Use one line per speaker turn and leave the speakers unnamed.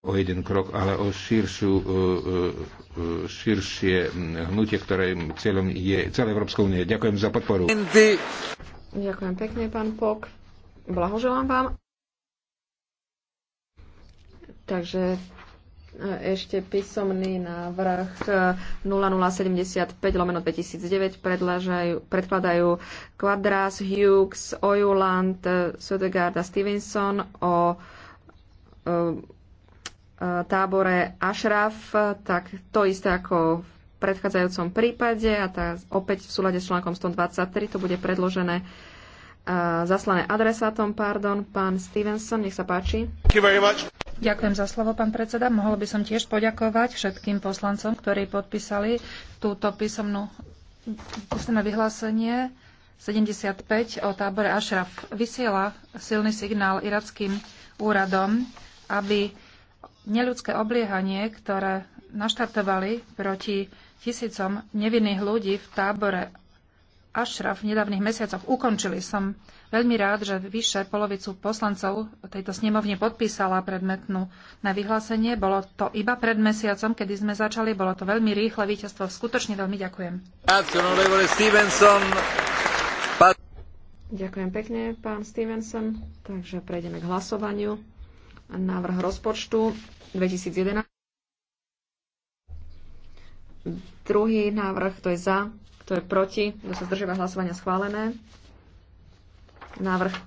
o jeden krok, ale o širšiu, e, e, e, širšie hnutie, ktoré cieľom je celá Európska únie. Ďakujem za podporu. Ďakujem pekne, pán Pok. Blahoželám vám. Takže ešte písomný návrh 0075 lomeno 2009 predkladajú Quadras, Hughes, Ojuland, Södegaard a Stevenson o tábore Ašraf, tak to isté ako v predchádzajúcom prípade a tá opäť v súlade s článkom 123 to bude predložené e,
zaslané adresátom, pardon, pán Stevenson, nech sa páči. Ďakujem za slovo, pán predseda. Mohol by som tiež poďakovať všetkým poslancom, ktorí podpísali túto písomnú, písomné vyhlásenie 75 o tábore Ašraf. Vysiela silný signál irackým úradom, aby neľudské obliehanie, ktoré naštartovali proti tisícom nevinných ľudí v tábore Ašraf v nedávnych mesiacoch ukončili. Som veľmi rád, že vyše polovicu poslancov tejto snemovne podpísala predmetnú na vyhlásenie. Bolo to iba pred mesiacom, kedy sme začali. Bolo to veľmi rýchle víťazstvo. Skutočne veľmi ďakujem. Ďakujem pekne,
pán Stevenson. Takže prejdeme k hlasovaniu návrh rozpočtu 2011. Druhý návrh,
kto je za, kto je proti, kto sa zdržíva hlasovania schválené. Návrh